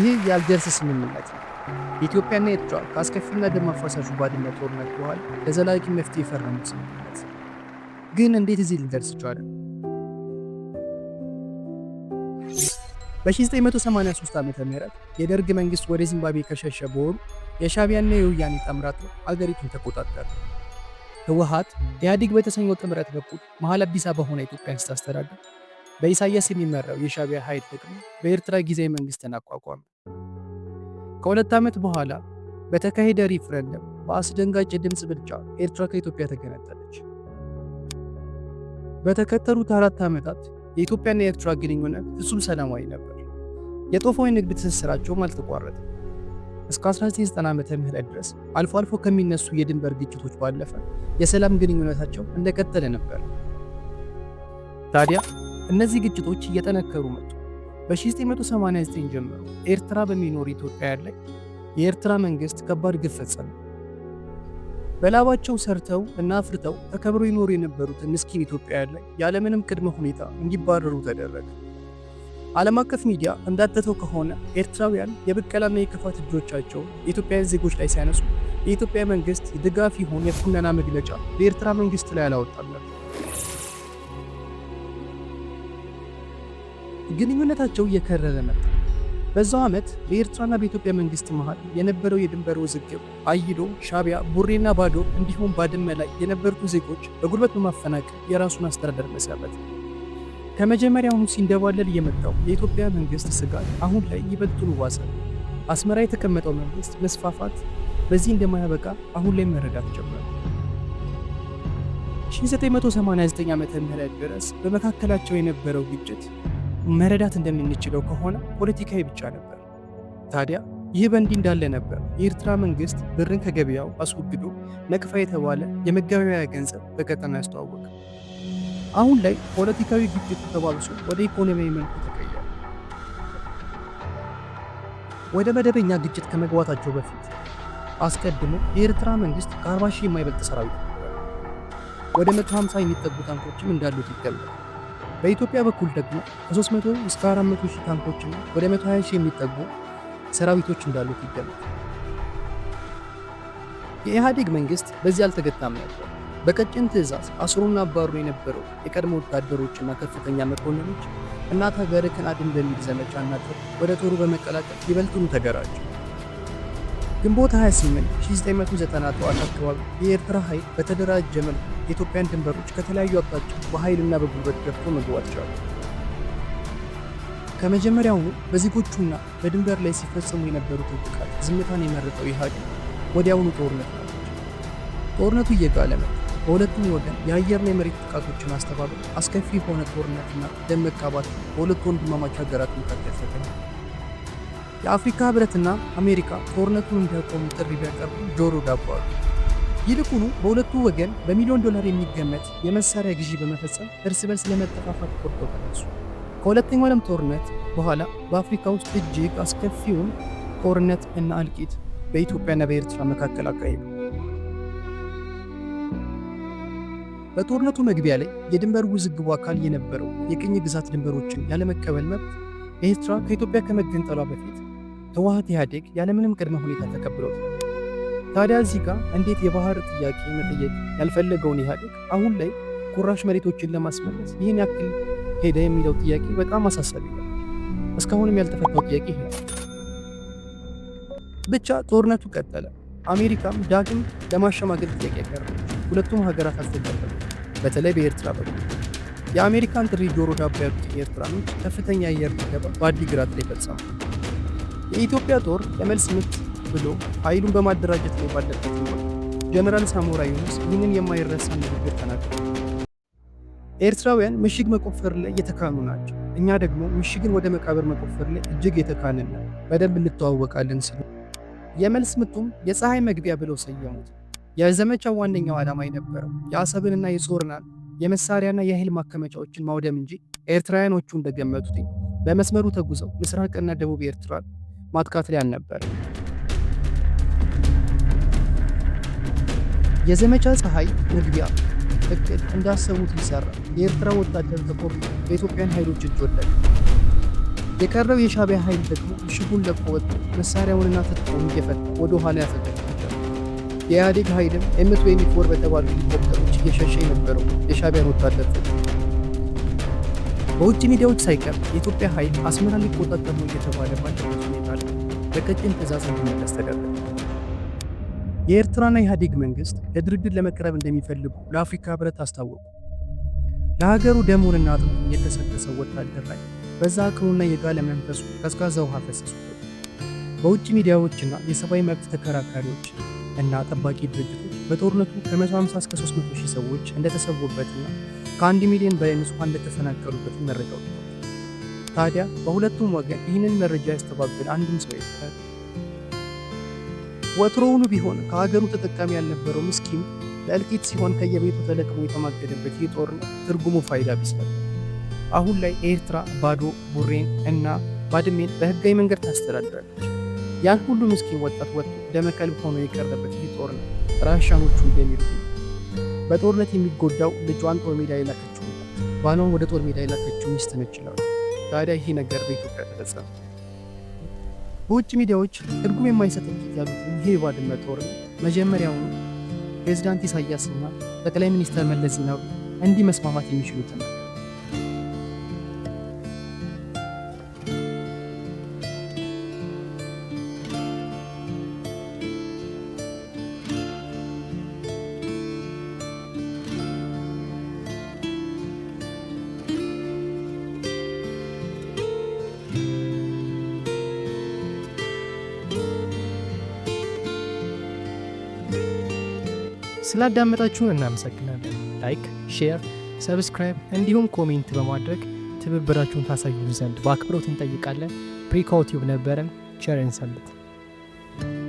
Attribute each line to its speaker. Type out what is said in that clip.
Speaker 1: ይህ የአልጀርስ ስምምነት ነው። የኢትዮጵያና ኤርትራ ከአስከፊና ደም አፋሳሹ ባድመ ጦርነት በኋላ ለዘላቂ መፍትሄ የፈረሙት ስምምነት ግን እንዴት እዚህ ልንደርስ ቻለን? በ1983 ዓ ም የደርግ መንግስት ወደ ዚምባብዌ ከሸሸ በወሩ የሻቢያና የውያኔ ጥምረት ነው አገሪቱን ተቆጣጠረ። ህወሀት ኢህአዴግ በተሰኘው ጥምረት በኩል መሀል አዲስ አበባ ሆና ኢትዮጵያን ስታስተዳድር በኢሳያስ የሚመራው የሻቢያ ኃይል ደግሞ በኤርትራ ጊዜ መንግስትን አቋቋመ። ከሁለት ዓመት በኋላ በተካሄደ ሪፍረንደም በአስደንጋጭ የድምፅ ብልጫ ኤርትራ ከኢትዮጵያ ተገነጠለች። በተከተሉት አራት ዓመታት የኢትዮጵያና የኤርትራ ግንኙነት ፍጹም ሰላማዊ ነበር። የጦፋዊ ንግድ ትስስራቸውም አልተቋረጠም። እስከ 1990 ዓ ምህረት ድረስ አልፎ አልፎ ከሚነሱ የድንበር ግጭቶች ባለፈ የሰላም ግንኙነታቸው እንደቀጠለ ነበር። ታዲያ እነዚህ ግጭቶች እየጠነከሩ መጡ። በ1989 ጀምሮ ኤርትራ በሚኖር ኢትዮጵያውያን ላይ የኤርትራ መንግስት ከባድ ግፍ ፈጸመ። በላባቸው ሰርተው እና አፍርተው ተከብረው ይኖሩ የነበሩትን ምስኪን ኢትዮጵያውያን ላይ ያለምንም ቅድመ ሁኔታ እንዲባረሩ ተደረገ። ዓለም አቀፍ ሚዲያ እንዳተተው ከሆነ ኤርትራውያን የብቀላና የክፋት እጆቻቸውን የኢትዮጵያውያን ዜጎች ላይ ሲያነሱ የኢትዮጵያ መንግስት ድጋፍ ይሁን የኩነና መግለጫ በኤርትራ መንግስት ላይ አላወጣም ነበር። ግንኙነታቸው እየከረረ መጣ። በዛው ዓመት በኤርትራና በኢትዮጵያ መንግስት መሃል የነበረው የድንበር ውዝግብ አይሎ፣ ሻቢያ፣ ቡሬና ባዶ እንዲሁም ባድመ ላይ የነበሩትን ዜጎች በጉልበት በማፈናቀል የራሱን አስተዳደር መሰረት። ከመጀመሪያውኑ ሲንደባለል የመጣው የኢትዮጵያ መንግስት ስጋት አሁን ላይ ይበልጡን ዋሰ። አስመራ የተቀመጠው መንግስት መስፋፋት በዚህ እንደማያበቃ አሁን ላይ መረዳት ጀመረ። 1989 ም ድረስ በመካከላቸው የነበረው ግጭት መረዳት እንደምንችለው ከሆነ ፖለቲካዊ ብቻ ነበር። ታዲያ ይህ በእንዲህ እንዳለ ነበር የኤርትራ መንግስት ብርን ከገበያው አስወግዶ ነቅፋ የተባለ የመገበያያ ገንዘብ በቀጠና ያስተዋወቀ። አሁን ላይ ፖለቲካዊ ግጭቱ ተባብሶ ወደ ኢኮኖሚያዊ መልኩ ተቀየረ። ወደ መደበኛ ግጭት ከመግባታቸው በፊት አስቀድሞ የኤርትራ መንግስት ከ40 ሺህ የማይበልጥ ሰራዊት ወደ 150 የሚጠጉ ታንኮችም እንዳሉት ይገባል። በኢትዮጵያ በኩል ደግሞ ከ300 እስከ 400 ሺህ ታንኮችና ወደ 120 ሺህ የሚጠጉ ሰራዊቶች እንዳሉት ይገመታል። የኢህአዴግ መንግስት በዚህ አልተገታም ነበር። በቀጭን ትዕዛዝ አስሮና አባሮ የነበረው የቀድሞ ወታደሮችና ከፍተኛ መኮንኖች እናት ሀገር ከናድን በሚል ና ጥር ወደ ጦሩ በመቀላቀል ይበልጡኑ ተገራጁ። ግንቦት 28 1990 ጠዋት አካባቢ የኤርትራ ኃይል በተደራጀ መልኩ የኢትዮጵያን ድንበሮች ከተለያዩ አቅጣጫዎች በኃይልና በጉልበት ገፍቶ መግቧቸዋል። ከመጀመሪያውኑ በዜጎቹና በድንበር ላይ ሲፈጽሙ የነበሩትን ጥቃት ዝምታን የመረጠው ኢህአዴግ ወዲያውኑ ጦርነት ነው። ጦርነቱ እየጋለ ነው። በሁለቱም ወገን የአየርና የመሬት ጥቃቶችን አስተባብሎ አስከፊ የሆነ ጦርነትና ደም መቃባት በሁለቱ ወንድማማች ሀገራት መካከል ተገናል። የአፍሪካ ህብረትና አሜሪካ ጦርነቱን እንዲያቆሙ ጥሪ ቢያቀርቡ ጆሮ ዳባ አሉ። ይልቁኑ በሁለቱ ወገን በሚሊዮን ዶላር የሚገመት የመሳሪያ ግዢ በመፈጸም እርስ በርስ ለመጠፋፋት ቆርጦ ተነሱ። ከሁለተኛው ዓለም ጦርነት በኋላ በአፍሪካ ውስጥ እጅግ አስከፊውን ጦርነት እና እልቂት በኢትዮጵያና በኤርትራ መካከል አካሄዱ። በጦርነቱ መግቢያ ላይ የድንበር ውዝግቡ አካል የነበረው የቅኝ ግዛት ድንበሮችን ያለመቀበል መብት ኤርትራ ከኢትዮጵያ ከመገንጠሏ በፊት ህወሓት ኢህአዴግ ያለምንም ቅድመ ሁኔታ ተቀብሎታል። ታዲያ እዚህ ጋር እንዴት የባህር ጥያቄ መጠየቅ ያልፈለገውን ኢህአዴግ አሁን ላይ ኩራሽ መሬቶችን ለማስመለስ ይህን ያክል ሄደ የሚለው ጥያቄ በጣም አሳሳቢ ነው። እስካሁንም ያልተፈታው ጥያቄ ይሄ ብቻ። ጦርነቱ ቀጠለ። አሜሪካም ዳግም ለማሸማገል ጥያቄ ያቀረበ ሁለቱም ሀገራት አልተቀበሉ። በተለይ በኤርትራ በኩል የአሜሪካን ጥሪ ጆሮ ዳባ ያሉት ኤርትራኖች ከፍተኛ አየር ድብደባ በአዲግራት ላይ ፈጸሙ። የኢትዮጵያ ጦር የመልስ ምት ብሎ ኃይሉን በማደራጀት ላይ ባለበት ጀነራል ሳሞራ ዩኑስ ይህንን የማይረሳ ንግግር ተናግሯል። ኤርትራውያን ምሽግ መቆፈር ላይ የተካኑ ናቸው፣ እኛ ደግሞ ምሽግን ወደ መቃብር መቆፈር ላይ እጅግ ነው፣ በደንብ እንተዋወቃለን ሲሉ የመልስ ምቱም የፀሐይ መግቢያ ብለው ሰየሙት። የዘመቻው ዋነኛው ዓላማ የነበረው የአሰብንና የጾርናን የመሳሪያና የኃይል ማከመቻዎችን ማውደም እንጂ ኤርትራውያኖቹ እንደገመቱት በመስመሩ ተጉዘው ምስራቅና ደቡብ ኤርትራን ማጥቃት ላይ አልነበረ። የዘመቻ ፀሐይ መግቢያ እቅድ እንዳሰቡት ይሰራ። የኤርትራ ወታደር ተቆር በኢትዮጵያን ኃይሎች እጅ ወደቀ። የቀረው የሻቢያ ኃይል ደግሞ ምሽጉን ለቆ ወጥቶ መሳሪያውንና ትጥቁን እየፈታ ወደ ኋላ ያፈገፈ ነበር። የኢህአዴግ ኃይልም ኤምት ወይም በተባሉ ሄሊኮፕተሮች እየሸሸ የነበረው የሻቢያን ወታደር ፍ በውጭ ሚዲያዎች ሳይቀር የኢትዮጵያ ኃይል አስመራ ሊቆጣጠር ነው እየተባለ ባለበት ሁኔታ ላይ በቀጭን ትእዛዝ እንዲመለስ ተደረገ። የኤርትራና ኢህአዴግ መንግስት ለድርድር ለመቅረብ እንደሚፈልጉ ለአፍሪካ ህብረት አስታወቁ። ለሀገሩ ደሙንና አጥንቱን የተሰጠሰው ወታደር ላይ በዛ አቅሙና የጋለ መንፈሱ ቀዝቃዛ ውሃ ፈሰሱበት። በውጭ ሚዲያዎችና የሰብአዊ መብት ተከራካሪዎች እና ጠባቂ ድርጅቶች በጦርነቱ ከ150 እስከ 300 ሺህ ሰዎች እንደተሰዉበትና ከአንድ ሚሊዮን በላይ ንጹሐን እንደተፈናቀሉበት መረጃ ወጥቷል። ታዲያ በሁለቱም ወገን ይህንን መረጃ ያስተባብል አንድም ሰው የለም። ወትሮውኑ ቢሆን ከሀገሩ ተጠቃሚ ያልነበረው ምስኪን ለእልቂት ሲሆን ከየቤቱ ተለቅሞ የተማገደበት ይህ ትርጉሙ ፋይዳ ቢስ አሁን ላይ ኤርትራ ባዶ ቡሬን እና ባድሜን በህጋዊ መንገድ ታስተዳድራለች። ያን ሁሉ ምስኪን ወጣት ወጥቶ ደመከልብ ሆኖ የቀረበት ይህ ጦርነት ራሻኖቹ እንደሚሉት በጦርነት የሚጎዳው ልጇን ጦር ሜዳ የላከችው ባሏን ወደ ጦር ሜዳ የላከችው ሚስት ነች ይላሉ። ታዲያ ይህ ነገር በኢትዮጵያ ተፈጸመ። በውጭ ሚዲያዎች ትርጉም የማይሰጥ እልቂት ያሉትን ይህ የባድመ ጦርነት መጀመሪያውኑ ፕሬዚዳንት ኢሳያስና ጠቅላይ ሚኒስትር መለስ ዜናዊ እንዲህ መስማማት የሚችሉትን
Speaker 2: ስላዳመጣችሁን እናመሰግናለን። ላይክ፣ ሼር፣ ሰብስክራይብ እንዲሁም ኮሜንት በማድረግ ትብብራችሁን ታሳዩ ዘንድ በአክብሮት እንጠይቃለን። ፕሪካውቲዩብ ነበረን። ቸር እንሰንብት።